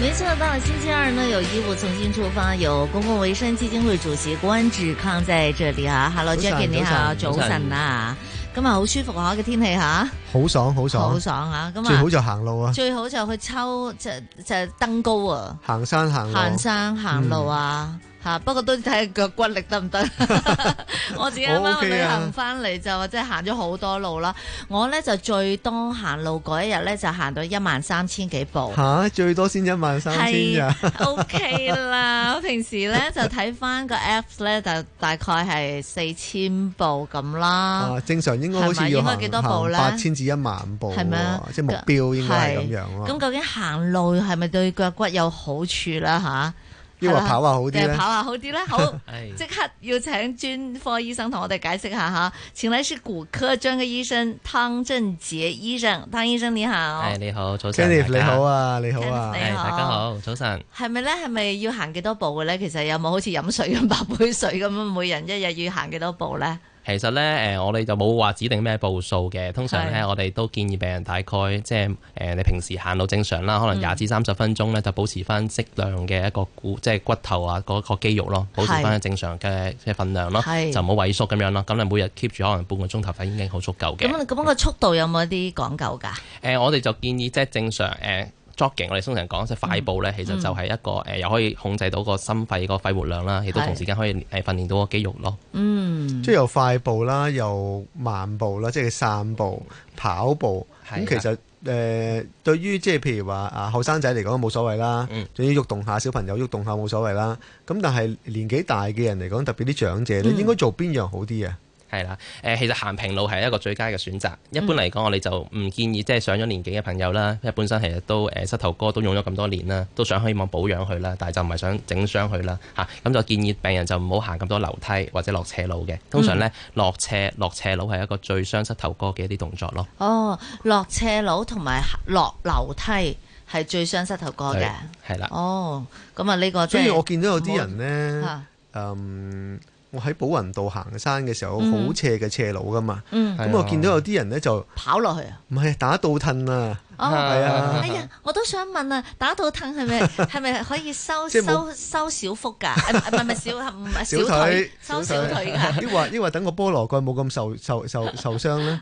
沒錯，到了星期二呢，有《醫護重新出發》，有公共衛生基金會主席關志康在這裏啊。Hello，Jackie，上你好，早晨啊，咁上、啊、好舒服啊嘅天氣哈，好、啊、爽，好爽，好爽啊，咁啊，最好就行路啊，最好就去抽，就就登高啊，行山行，行山行路啊。嗯吓、啊，不過都睇下腳骨力得唔得？ 我自己啱啱旅行翻嚟就即係行咗好多路啦。我咧就最多行路嗰一日咧就行到一萬三千幾步。吓、啊，最多先一萬三千啊？OK 啦，我平時咧就睇翻個 apps 咧就大概係四千步咁啦。正常應該好似幾多步呢？八千至一萬步係咩？嗎即係目標應該咁樣。咁究竟行路係咪對腳骨有好處啦？吓？要話跑下好啲咧，跑下好啲咧，好，即刻要請專科醫生同我哋解釋下吓。 請嚟是骨科專嘅醫生湯振傑醫生，湯醫生你好，係、hey, 你好，早晨，你好啊，你好啊，係、hey, 大家好，早晨，係咪咧？係咪要行幾多步嘅咧？其實有冇好似飲水咁，八杯水咁樣，每人一日要行幾多步咧？其實咧，誒，我哋就冇話指定咩步數嘅。通常咧，我哋都建議病人大概即係，誒、就是，你平時行路正常啦，可能廿至三十分鐘咧，就保持翻適量嘅一個骨，即、就、係、是、骨頭啊，嗰個肌肉咯，保持翻正常嘅即係分量咯，是就唔好萎縮咁樣咯。咁你每日 keep 住可能半個鐘頭，反正已經好足夠嘅。咁咁、嗯、個速度有冇一啲講究㗎？誒、嗯呃，我哋就建議即係、就是、正常，誒、呃。我哋通常講即係快步咧，其實就係一個誒、呃，又可以控制到個心肺個肺活量啦，亦都同時間可以誒訓練到個肌肉咯。嗯，即係又快步啦，又慢步啦，即係散步、跑步咁。其實誒的、呃，對於即係譬如話啊，後生仔嚟講冇所謂啦，仲要喐動下小朋友，喐動下冇所謂啦。咁但係年紀大嘅人嚟講，特別啲長者咧，應該做邊樣好啲啊？嗯係啦，誒其實行平路係一個最佳嘅選擇。一般嚟講，我哋就唔建議即係上咗年紀嘅朋友啦，因為本身其實都誒膝頭哥都用咗咁多年啦，都想希望保養佢啦，但係就唔係想整傷佢啦嚇。咁、啊、就建議病人就唔好行咁多樓梯或者落斜路嘅。通常咧，落斜落斜路係一個最傷膝頭哥嘅一啲動作咯。哦，落斜路同埋落樓梯係最傷膝頭哥嘅。係啦。哦，咁啊呢個、就是。所以我見到有啲人咧，嗯。啊嗯我喺寶雲道行山嘅時候，好斜嘅斜路噶嘛。嗯，咁我見到有啲人咧就跑落去啊。唔係打倒褪啊。哦，係啊。哎呀，我都想問啊，打倒褪係咪係咪可以收收收小腹噶？唔咪唔，小唔係小腿收小腿噶。即係話即係話， 等個菠蘿蓋冇咁受受受受傷咧。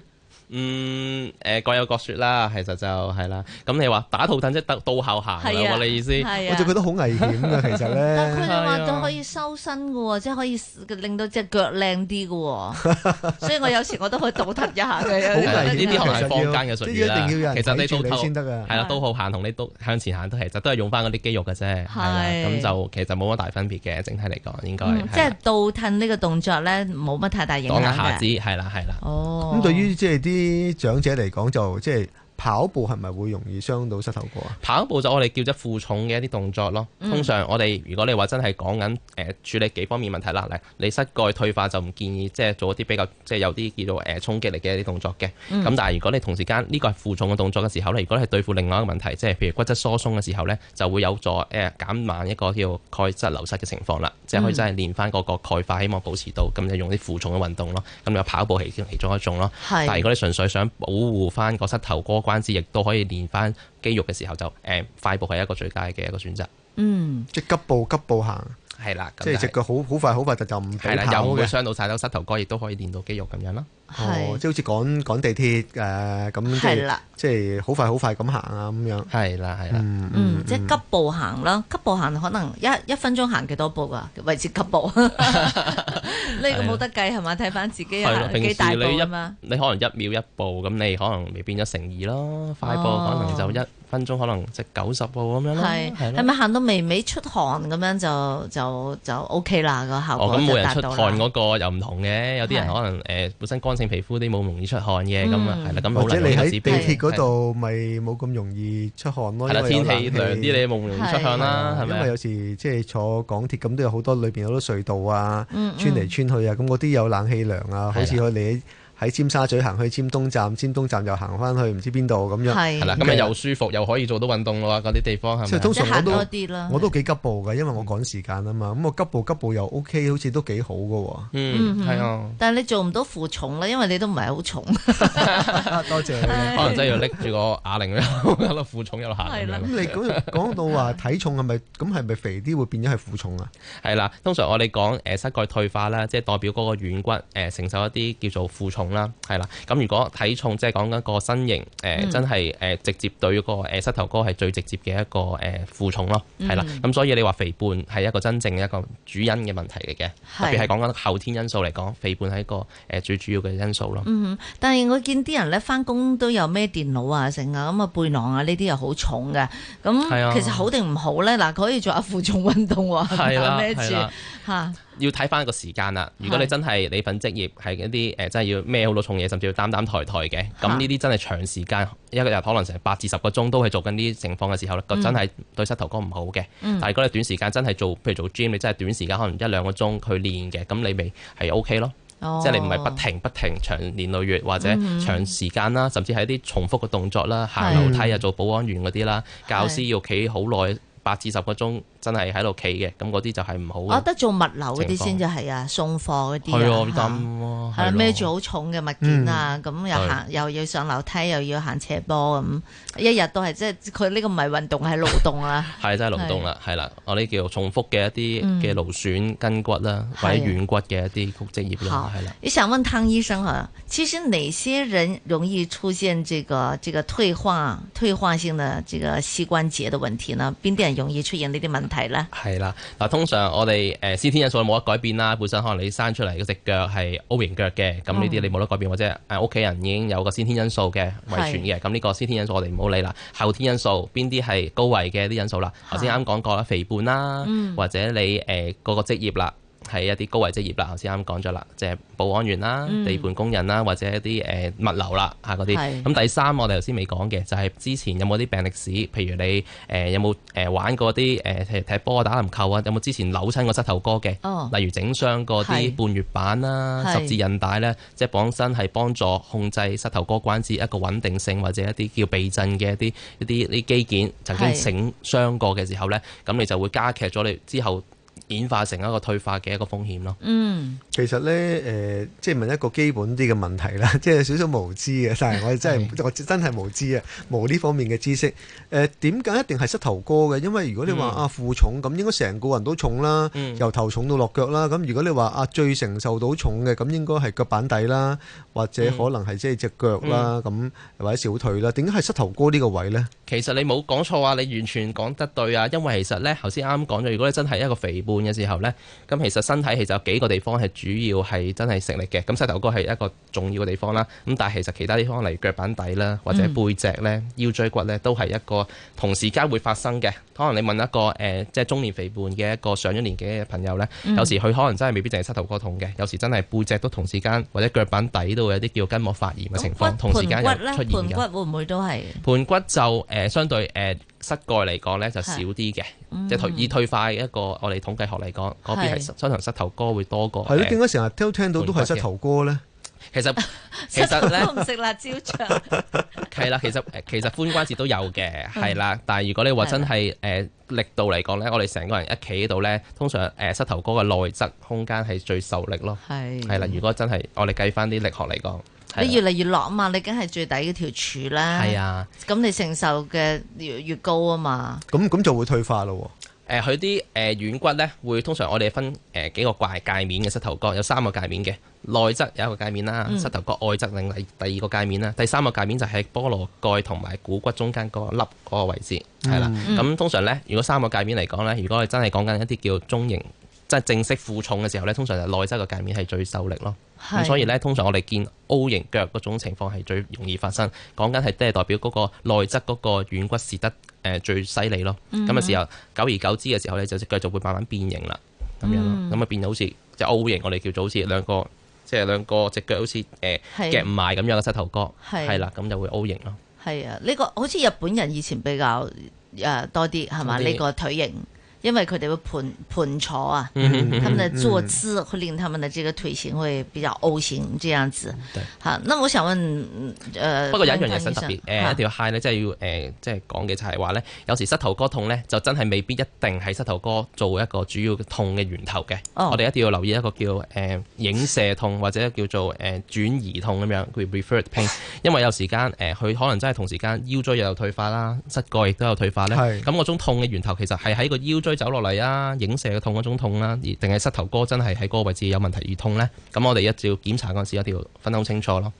嗯，誒，各有各說啦，其實就係啦。咁你話打肚蹬即得倒後行，係嘛？你意思？我就覺得好危險噶，其實咧。佢哋話都可以收身噶，即係可以令到隻腳靚啲噶。所以我有時我都可以倒褪一下。好係呢啲係坊間嘅術語啦。其實你倒退先得噶。係啦，倒後行同你倒向前行都其實都係用翻嗰啲肌肉嘅啫。係啦，咁就其實冇乜大分別嘅，整體嚟講應該。即係倒褪呢個動作咧，冇乜太大影響嘅。下子，疵係啦係啦。哦。咁對於即係啲。啲長者嚟講，就即係。跑步係咪會容易傷到膝頭哥啊？跑步就我哋叫咗負重嘅一啲動作咯。通常我哋、嗯、如果你話真係講緊誒處理幾方面問題啦，咧你膝蓋退化就唔建議即係、就是、做一啲比較即係、就是、有啲叫做誒衝擊力嘅一啲動作嘅。咁、嗯、但係如果你同時間呢個係負重嘅動作嘅時候，你如果係對付另外一個問題，即係譬如骨質疏鬆嘅時候咧，就會有助誒減慢一個叫鈣質流失嘅情況啦。即係可以真係練翻嗰個鈣化，希望保持到。咁就用啲負重嘅運動咯。咁就跑步係其中一種咯。是但係如果你純粹想保護翻個膝頭哥關節，亦都可以練翻肌肉嘅時候就，誒快步係一個最佳嘅一個選擇。嗯， 即係急步急步行，係啦， 即係隻腳好好快好快就就唔係啦，又的會傷到晒都膝頭哥，亦都也可以練到肌肉咁樣啦。係，即係好似趕趕地鐵，誒咁，即係即係好快好快咁行啊，咁樣。係啦係啦，嗯嗯，即係急步行啦，急步行可能一一分鐘行幾多步啊？維持急步，呢個冇得計係嘛？睇翻自己有幾大步啊嘛。你可能一秒一步，咁你可能咪變咗成二咯。快步可能就一分鐘可能即係九十步咁樣咯。係係咪行到微微出汗咁樣就就就 O K 啦個效果？哦，咁每人出汗嗰個又唔同嘅，有啲人可能誒本身乾。性皮膚啲冇容易出汗嘅咁啊，係啦，嗯嗯，咁好啦。或者你喺地鐵嗰度咪冇咁容易出汗咯。的因啦，天氣涼啲你冇容易出汗啦。的因為有時的即係坐港鐵咁都有好多裏邊好多隧道啊，嗯嗯，穿嚟穿去啊，咁嗰啲有冷氣涼啊，的好似我哋喺尖沙咀行去尖東站，尖東站又行翻去唔知邊度咁樣，係啦，咁咪又舒服我又可以做到運動咯喎，嗰啲地方係咪？即常行多啲咯，我都幾急步㗎，因為我趕時間啊嘛。咁我急步急步又 OK，好似都幾好嘅喎。嗯，係啊。 但係你做唔到負重啦，因為你都唔係好重。 多謝你。對可能真係要拎住個啞鈴咧，喺度負重一路行。係啦。咁 你講到話體重係咪咁係咪肥啲會變咗係負重啊？係啦，通常我哋講誒膝蓋退化啦，即係代表嗰個軟骨誒承受一啲叫做負重。啦，係啦，咁如果體重即係講緊個身形，誒、嗯，真係誒，直接對個誒膝頭哥係最直接嘅一個誒負重咯，係啦、嗯，咁所以你話肥胖係一個真正嘅一個主因嘅問題嚟嘅，的特別係講緊後天因素嚟講，肥胖係一個誒最主要嘅因素咯。嗯，但係我見啲人咧翻工都有咩電腦啊，成啊，咁啊背囊啊呢啲又好重嘅，咁其實好定唔好咧？嗱的，可以做下負重運動喎，孭住吓。要睇翻個時間啦。如果你真係你份職業係一啲誒、呃，真係要孭好多重嘢，甚至要擔擔抬抬嘅，咁呢啲真係長時間、啊、一個日可能成八至十個鐘都係做緊呢啲情況嘅時候咧，嗯、真係對膝頭哥唔好嘅。嗯、但係如果你短時間真係做，譬如做 gym，你真係短時間可能一兩個鐘去練嘅，咁你咪係 OK 咯。即係、哦、你唔係不停不停長年累月或者長時間啦，甚至係一啲重複嘅動作啦，行樓梯啊，嗯、做保安員嗰啲啦，教師要企好耐八至十個鐘。真係喺度企嘅，咁嗰啲就係唔好。我覺得做物流嗰啲先就係啊，送貨嗰啲啊，係孭住好重嘅物件啊，咁又行又要上樓梯又要行斜坡咁，一日都係即係佢呢個唔係運動係勞動啊。係真係勞動啦，係啦，我呢叫重複嘅一啲嘅勞損筋骨啦，或者軟骨嘅一啲職業啦，係啦。我想問湯醫生嚇，其實哪些人容易出現這個這個退化退化性的這個膝關節嘅問題呢？邊啲人容易出現呢啲問？係啦，嗱，通常我哋誒先天因素冇得改變啦，本身可能你生出嚟嗰隻腳係 O 型腳嘅，咁呢啲你冇得改變，嗯、或者誒屋企人已經有個先天因素嘅遺傳嘅，咁呢是的 個先天因素我哋唔好理啦。後天因素邊啲係高危嘅啲因素啦？頭先啱講過啦，肥胖啦，或者你誒嗰，呃、個職業啦。係一啲高危職業啦，頭先啱啱講咗啦，即、就、係、是、保安員啦、地盤工人啦，嗯、或者一啲誒物流啦嚇嗰啲。咁、嗯、第三我哋頭先未講嘅，就係、是、之前有冇啲病歷史，譬如你誒有冇誒玩過啲誒、呃、踢波、打籃球啊，有冇之前扭親過膝頭哥嘅？哦、例如整傷過啲半月板啦、是 十字韌帶咧，即係綁身係幫助控制膝頭哥關節一個穩定性，或者一啲叫避震嘅一啲一啲呢機件曾經整傷過嘅時候咧，咁是 是你就會加劇咗你之後。之後演化成一個退化嘅一個風險咯。嗯，其實咧，誒，即係問一個基本啲嘅問題啦，即係少少無知嘅，但係我哋真係我真係無知啊，無呢方面嘅知識。誒，點解一定係膝頭哥嘅？因為如果你話啊負重咁，應該成個人都重啦，由頭重到落腳啦。咁如果你話啊最承受到重嘅，咁應該係腳板底啦，或者可能係即係隻腳啦，咁或者小腿啦。點解係膝頭哥呢個位咧？其實你冇講錯啊，你完全講得對啊。因為其實咧，頭先啱啱講咗，如果你真係一個肥胖嘅時候咧，咁其實身體其實有幾個地方係主要係真係食力嘅，咁膝頭哥係一個重要嘅地方啦。咁但係其實其他地方，例如腳板底啦，或者背脊咧、腰椎骨咧，都係一個同時間會發生嘅。可能你問一個誒，即係中年肥胖嘅一個上咗年紀嘅朋友咧，有時佢可能真係未必淨係膝頭哥痛嘅，有時真係背脊都同時間或者腳板底都會有啲叫筋膜發炎嘅情況，同時間又出現嘅。盤骨會唔會都係盤骨就誒相對誒？膝蓋嚟講咧就少啲嘅，嗯、即係退易退化一個。我哋統計學嚟講，嗰的邊係通常，常膝頭哥會多過。係咯，點解成日都聽到都係膝頭哥咧。其實 其實咧，我唔食辣椒醬。係啦，其實其實髖關節都有嘅，係啦。 但係如果你話真係誒力度嚟講咧，我哋成個人一企喺度咧，通常誒膝頭哥嘅內側空間係最受力咯。係係啦，如果真係我哋計翻啲力學嚟講。你越嚟越落啊嘛，你梗係最底嗰條柱啦。係啊，咁你承受嘅越越高啊嘛。咁咁就會退化咯。誒、呃，佢啲誒軟骨咧，會通常我哋分誒幾個怪界面嘅，膝頭哥有三個界面嘅，內側有一個界面啦，膝頭角外側另第二個界面啦，嗯、第三個界面就喺菠蘿蓋同埋股骨中間嗰個粒嗰個位置，係啦、嗯。咁、啊、通常咧，如果三個界面嚟講咧，如果係真係講緊一啲叫中型。即係正式負重嘅時候咧，通常就內側個界面係最受力咯。咁是所以咧，通常我哋見 O 型腳嗰種情況係最容易發生，講緊係即係代表嗰個內側嗰個軟骨蝕得誒最犀利咯。咁嘅、嗯、時候，久而久之嘅時候咧，就隻腳就會慢慢變形啦。咁樣咯，咁啊、嗯、變到好似即係 O 型，我哋叫做好似兩個即係是兩個隻、就是、腳好似誒、呃、是夾唔埋咁樣嘅膝頭哥，係啦是，咁是就會 O 型咯。係啊，呢、這個好似日本人以前比較誒多啲係嘛？呢個腿型。 因為佢哋會盤盤坐啊，他們的坐姿會令他們嘅這個腿型會比較 O 型這樣子。吓，那我想問，誒，不過有一樣嘢想特別，誒，一條 highlight 咧，即係要，誒，即係講嘅就係話咧，有時膝頭哥痛咧，就真係未必一定係膝頭哥做一個主要嘅痛嘅源頭嘅。我哋一定要留意一個叫，誒，影射痛或者叫做，誒，轉移痛咁樣，佢 referred pain。因為有時間，誒，佢可能真係同時間腰椎又有退化啦，膝蓋亦都有退化咧。咁嗰種痛嘅源頭其實係喺個腰。追走落嚟啊！影射嘅痛嗰種痛啦，而定係膝頭哥真係喺嗰個位置有問題而痛呢？咁我哋一照檢查嗰陣時，一定要分得好清楚咯。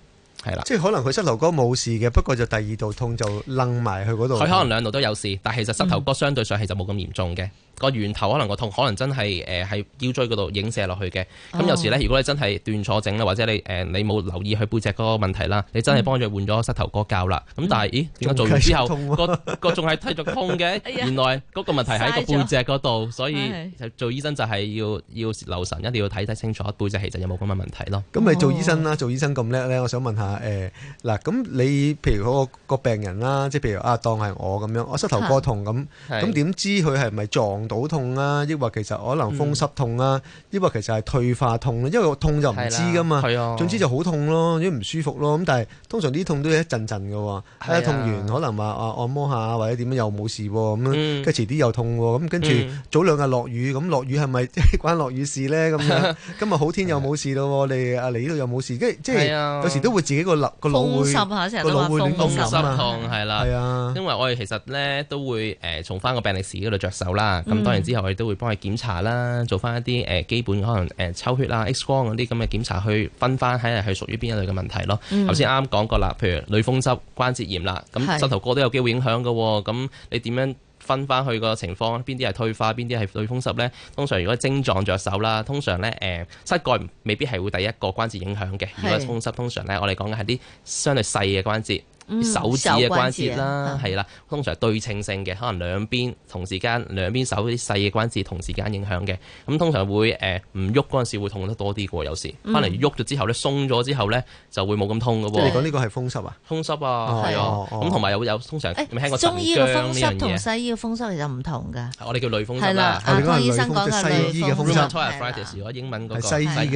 係啦，即係可能佢膝頭哥冇事嘅，不過就第二度痛就愣埋去嗰度。佢可能兩度都有事，但係其實膝頭哥相對上係就冇咁嚴重嘅。嗯個源頭可能個痛可能真係誒喺腰椎嗰度影射落去嘅，咁有時咧，嗯、如果你真係斷錯症咧，或者你誒、呃、你冇留意佢背脊嗰個問題啦，你真係幫佢換咗膝頭哥教啦，咁但係，咦？點解做完之後個仲係繼續痛嘅？原來嗰個問題喺個背脊嗰度，所以做醫生就係要要留神，一定要睇睇清楚背脊其實有冇咁嘅問題咯。咁咪、嗯嗯、做醫生啦？做醫生咁叻咧，我想問下誒嗱，咁、呃、你譬如嗰個病人啦，即係譬如啊，當係我咁樣，我膝頭哥痛咁，咁點知佢係咪撞肚痛啊，抑或其實可能風濕痛啊，抑或其實係退化痛咧，因為個痛就唔知噶嘛，總之就好痛咯，因為唔舒服咯。咁但係通常啲痛都係一陣陣噶，一痛完可能話啊按摩下或者點樣又冇事咁，跟住遲啲又痛，咁跟住早兩日落雨咁落雨係咪關落雨事咧？咁樣今日好天又冇事咯，我哋阿嚟呢度又冇事，即係即係有時都會自己個腦個腦會風濕下先，個腦會攣縮啊嘛。風濕痛係啦，因為我哋其實咧都會誒從翻個病歷史嗰度着手啦。嗯、當然之後，我哋都會幫佢檢查啦，做翻一啲誒基本可能誒、呃、抽血啦、X 光嗰啲咁嘅檢查，去分翻係係屬於邊一類嘅問題咯。頭先啱啱講過啦，譬如類風濕、關節炎啦，咁、嗯、膝是頭哥都有機會影響嘅。咁你點樣分翻去個情況？邊啲係退化，邊啲係類風濕咧？通常如果症狀着手啦，通常咧誒膝蓋未必係會第一個關節影響嘅。是如果風濕，通常咧我哋講緊係啲相對細嘅關節。手指嘅關節啦，係啦，通常對稱性嘅，可能兩邊同時間兩邊手啲細嘅關節同時間影響嘅，咁通常會誒唔喐嗰陣時會痛得多啲嘅，有時翻嚟喐咗之後咧，鬆咗之後咧就會冇咁痛嘅喎。你講呢個係風濕啊？風濕啊，係啊。咁同埋有有通常聽過，中醫嘅風濕同西醫嘅風濕其實唔同㗎。我哋叫類風濕啦。我哋阿康醫生講嘅類風濕係啦。係西醫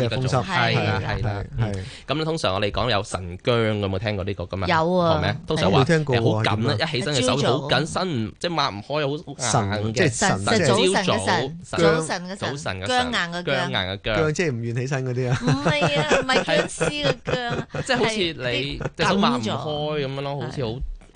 嘅風濕係啦係啦係。咁通常我哋講有神經，有冇聽過呢個㗎嘛？有啊。都成日話好緊啦，一起身嘅手好緊，身唔即係抹唔開，好硬嘅。即係晨，即係朝早，早晨嘅晨，僵硬嘅僵。即係唔願起身嗰啲啊？唔係啊，唔係僵屍嘅僵。即係好似你隻手抹唔開咁樣咯，好似好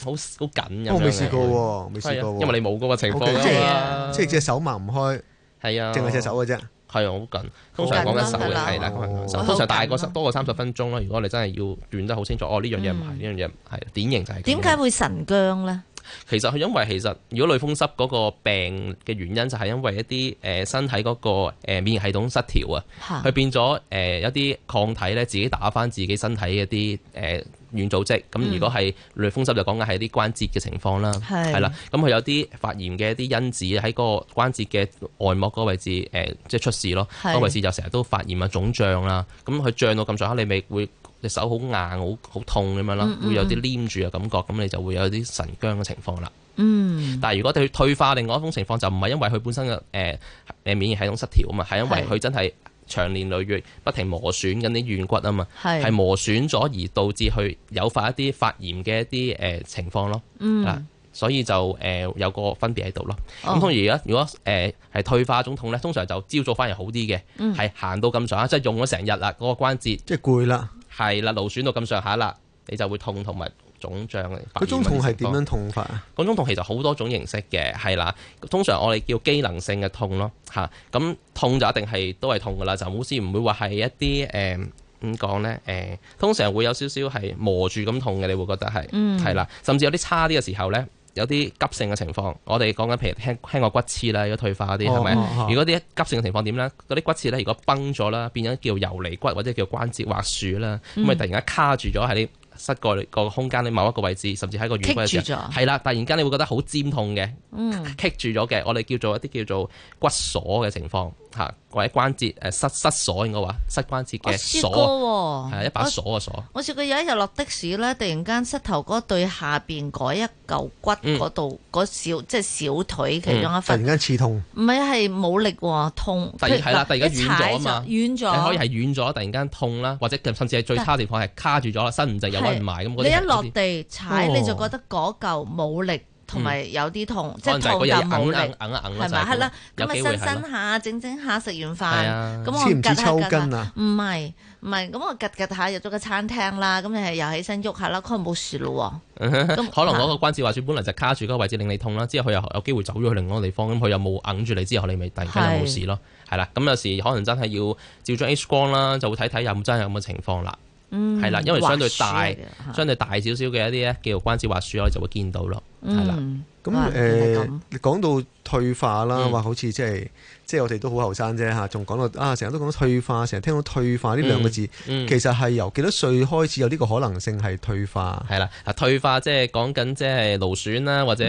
好好緊咁樣。哦，未試過喎，未試過。因為你冇嗰個情況啦，即係隻手抹唔開，係啊，淨係隻手嘅啫。係好緊，通常講緊手，嘅係啦，通常大過多過三十分鐘啦。如果你真係要斷得好清楚，哦呢樣嘢唔係，呢、嗯、樣嘢係典型就係。點解會晨僵咧？其實佢因為其實如果類風濕嗰個病嘅原因就係因為一啲誒身體嗰個免疫系統失調啊，佢的變咗誒有啲抗體咧自己打返自己身體一啲誒。呃軟組織咁，如果係類風濕就講緊係啲關節嘅情況啦，係啦，咁佢有啲發炎嘅一啲因子喺個關節嘅外膜個位置，誒，即係出事咯，個位置就成日都發炎啊、腫脹啦，咁佢脹到咁上下，你咪會隻手好硬、好好痛咁樣咯，會有啲黏住嘅感覺，咁你就會有啲神僵嘅情況啦。嗯，但係如果佢退化，另外一種情況就唔係因為佢本身嘅誒誒免疫系統失調啊嘛，係因為佢真係。長年累月不停磨損緊啲軟骨啊嘛，係是磨損咗而導致去誘發一啲發炎嘅一啲誒、呃、情況咯，啊、嗯，所以就誒、呃、有個分別喺度咯。咁通而家如果誒係、呃、退化種痛咧，通常就朝早反而好啲嘅，係行、嗯、到咁上下即係用咗成日啦，嗰、那個關節即係攰啦，係啦，勞損到咁上下啦，你就會痛同埋，腫脹嚟，嗰種痛係點樣痛法啊？嗰種痛其實好多種形式嘅，係啦。通常我哋叫機能性嘅痛咯，嚇、嗯、咁痛就一定係都係痛噶啦，就好似唔會話係一啲誒點講咧誒，嗯嗯嗯、通常會有少少係磨住咁痛嘅，你會覺得係，係啦。甚至有啲差啲嘅時候咧，有啲急性嘅情況，我哋講緊譬如輕過骨刺啦，如果退化嗰啲係咪？如果啲急性嘅情況點咧？嗰啲骨刺咧，如果崩咗啦，變咗叫游離骨或者叫關節滑鼠啦，咁咪、嗯、突然間卡住咗喺。膝蓋個空間你某一個位置，甚至喺個軟骨入邊，係啦，突然間你會覺得好尖痛嘅，棘、嗯、住咗嘅，我哋叫做一啲叫做骨鎖嘅情況嚇。或者關節，誒，膝、膝鎖，應該話膝關節嘅鎖，係一把鎖嘅鎖。我試過有一日落的士咧，突然間膝頭哥對下邊嗰一嚿骨嗰度，嗰小，即係小腿其中一忽，突然間刺痛。唔係，係冇力㗎，痛。突然，係啦，突然間軟咗啊嘛，軟咗。你可以係軟咗，突然間痛啦，或者甚至係最差地方係卡住咗，伸唔直又屈唔埋咁。你一落地踩，你就覺得嗰嚿冇力。同埋有啲痛，即係痛就冇力，係嘛？係啦，咁咪伸伸下，整整下，食完飯，咁我趌下趌下，唔係唔係，咁我趌趌下入咗個餐廳啦，咁又又起身喐下啦，可能冇事咯。咁可能嗰個關節滑鼠本嚟就卡住嗰個位置令你痛啦，之後佢又有機會走咗去另外一個地方，咁佢又冇揗住你，之後你咪突然間就冇事咯。係啦，咁有時可能真係要照張 X 光啦，就會睇睇有冇真係有咁嘅情況啦。嗯，係啦，因為相對大相對大少少嘅一啲咧叫做關節滑鼠，我就會見到咯。係啦，咁誒，講到退化啦，話好似即係即係我哋都好後生啫嚇，仲講到啊，成日都講到退化，成日、嗯就是就是啊、聽到退化呢兩個字，嗯嗯、其實係由幾多歲開始有呢個可能性係退化？係啦、嗯，啊退化即係講緊即係勞損啦，或者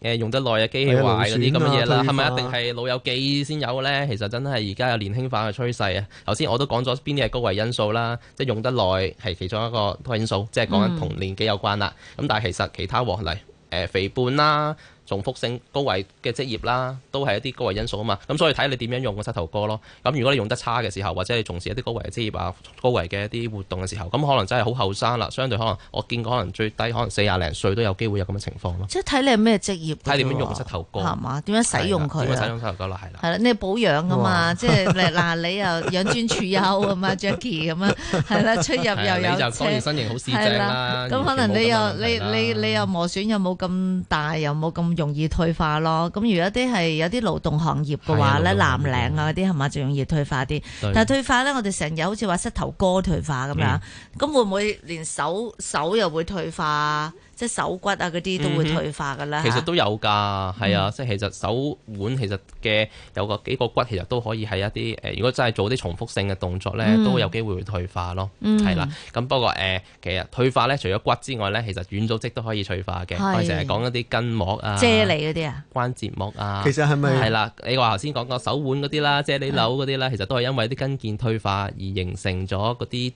誒用得耐嘅機器壞嗰啲咁嘅嘢啦，係咪一定係老友記先有咧？其實真係而家有年輕化嘅趨勢啊。頭先我都講咗邊啲係高危因素啦，即、就、係、是、用得耐係其中一個因素，即、就、係、是、講緊同年紀有關啦。咁、嗯、但係其實其他和例。誒肥胖啦～重複性高危嘅職業啦，都係一啲高危因素啊嘛。咁所以睇你點樣用個膝頭哥咯。咁如果你用得差嘅時候，或者你從事一啲高危嘅職業啊、高危嘅一啲活動嘅時候，咁可能真係好後生啦。相對可能我見過可能最低可能四廿零歲都有機會有咁嘅情況咯。即係睇你係咩職業、啊，睇點樣用膝頭哥係嘛？點樣使用佢啊？使用膝頭哥啦？係啦。啦，你保養啊嘛？即係嗱、啊，你又養尊處優啊嘛，Jackie 咁啊，係啦， 出入又有車，然身形好四正啦。咁的可能你又你你你，你又磨損又冇咁大，又冇咁容易退化咯，咁如果啲係有啲勞動行業嘅話咧，藍領啊嗰啲係咪就容易退化啲？對但係退化咧，我哋成日好似話膝頭哥退化咁樣，咁、嗯、會唔會連手手又會退化即手骨啊，嗰啲都會退化噶啦。嗯哼啊、其實都有㗎，係、嗯、哼啊，即其實手腕其實嘅有個幾、個骨，其實都可以係一啲誒、呃，如果真係做啲重複性嘅動作咧，嗯、哼都有機會會退化咯。係、嗯、哼啦，咁不過誒、呃，其實退化咧，除咗骨之外咧，其實軟組織都可以退化嘅。是我成日講一啲筋膜啊、啫喱嗰啲啊、關節膜啊。其實係咪係啦？你話頭先講個手腕嗰啲啦、啫喱瘤嗰啲啦，其實都係因為啲筋腱退化而形成咗嗰啲。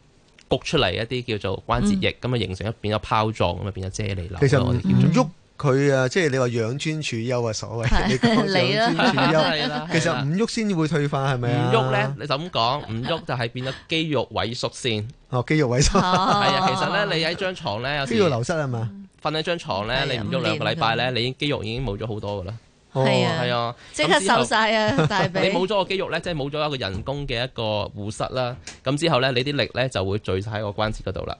焗出嚟一啲叫做關節液，咁啊形成一變咗泡狀，咁啊變咗啫喱啦。其實唔喐佢啊，即係你話養尊處優啊，所謂其實唔喐先至會退化，係咪啊？唔喐咧，你就咁講，唔喐就係變咗肌肉萎縮先。哦，肌肉萎縮。其實咧，你喺張床咧，有肌肉流失係嘛？瞓喺張床咧，你唔喐兩個禮拜咧，你已經肌肉已經冇咗好多噶啦。係啊、哦，即刻瘦晒啊！大髀你冇咗個肌肉咧，即係冇咗一個人工嘅一個護膝啦。咁之後咧，你啲力咧就會聚晒喺個關節嗰度啦。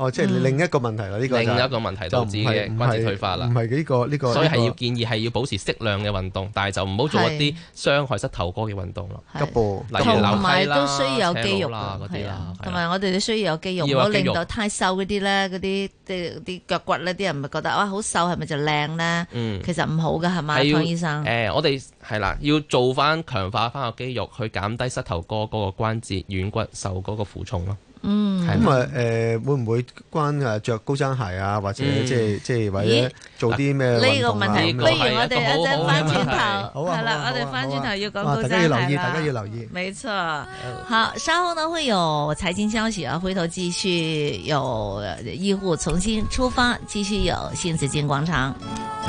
哦，即係另一個問題啦，呢個就係另一個問題導致嘅關節退化啦。唔係呢個呢個，所以係要建議係要保持適量嘅運動，但係就唔好做一啲傷害膝頭哥嘅運動咯。急步、例如樓梯啦、斜路啦，同埋都需要有肌肉啦嗰啲啦。同埋我哋都需要有肌肉，唔好令到太瘦嗰啲咧，嗰啲即係啲腳骨咧，啲人咪覺得哇好瘦係咪就靚咧？其實唔好嘅係咪，湯醫生。誒，我哋係啦，要做翻強化翻個肌肉，去減低膝頭哥嗰個關節軟骨受嗰個負重咯。嗯，咁啊，誒、呃，會唔會關啊着高踭鞋啊，或者即係即係或者做啲咩呢個問題？不、嗯、如我哋一陣翻轉頭，好啦，我哋翻轉頭要講高踭鞋。大家要留意，大家要留意。冇錯，好，稍後呢會有財經消息啊，回頭繼續有醫護重新出發，繼續有新紫荊廣場。嗯